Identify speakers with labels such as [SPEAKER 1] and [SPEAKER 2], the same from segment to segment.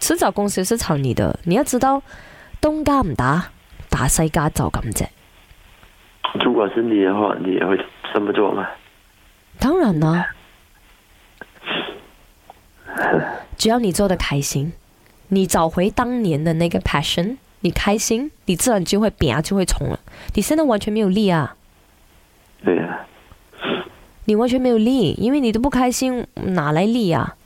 [SPEAKER 1] 遲早公司是炒你的，你要知道東家唔打，打西家就咁啫。
[SPEAKER 2] 如果是你的話，你也會這麼做嗎？
[SPEAKER 1] 當然啦， 只要你做得開心，你找回當年的那個 passion，你開心，你自然就會變啊就會衝了。你現在完全沒有力啊，
[SPEAKER 2] 對呀、啊，
[SPEAKER 1] 你完全沒有力，因為你都不開心，哪來力呀、啊？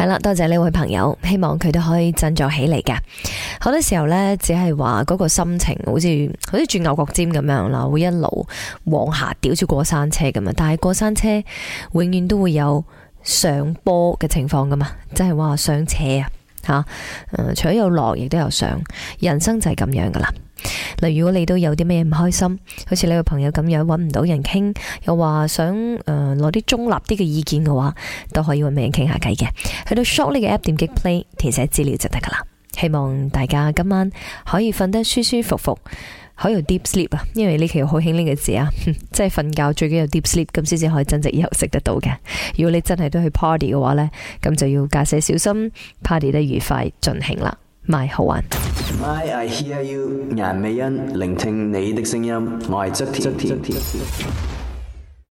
[SPEAKER 1] 係啦，多謝呢位朋友，希望佢都可以振作起嚟嘅。好多時候呢，只係話嗰個心情好，好似好似鑽牛角尖咁樣啦，會一路往下掉住過山車咁啊。但係過山車永遠都會有上坡嘅情況噶嘛，即係話上斜啊，吓，除咗有落，亦都有上，人生就係咁樣噶啦。嗱，如果你都有啲咩唔開心，好似你個朋友咁樣，搵唔到人傾，又話想誒攞啲中立啲嘅意見嘅話，都可以搵人傾下偈嘅。去到 shop 呢個 App 點擊 Play，填寫資料就得噶啦。希望大家今晚可以瞓得舒舒服服，可以有 Deep Sleep 啊，因為呢期好興呢個字啊，即係瞓覺最緊要有 Deep Sleep，咁先至可以真正休息得到嘅。如果你真係都去 Party 嘅話呢，咁就要駕駛小心，Party 得愉快盡興啦。my 好玩
[SPEAKER 2] ，my I hear you，顏美欣聆聽你的聲音，我係側田。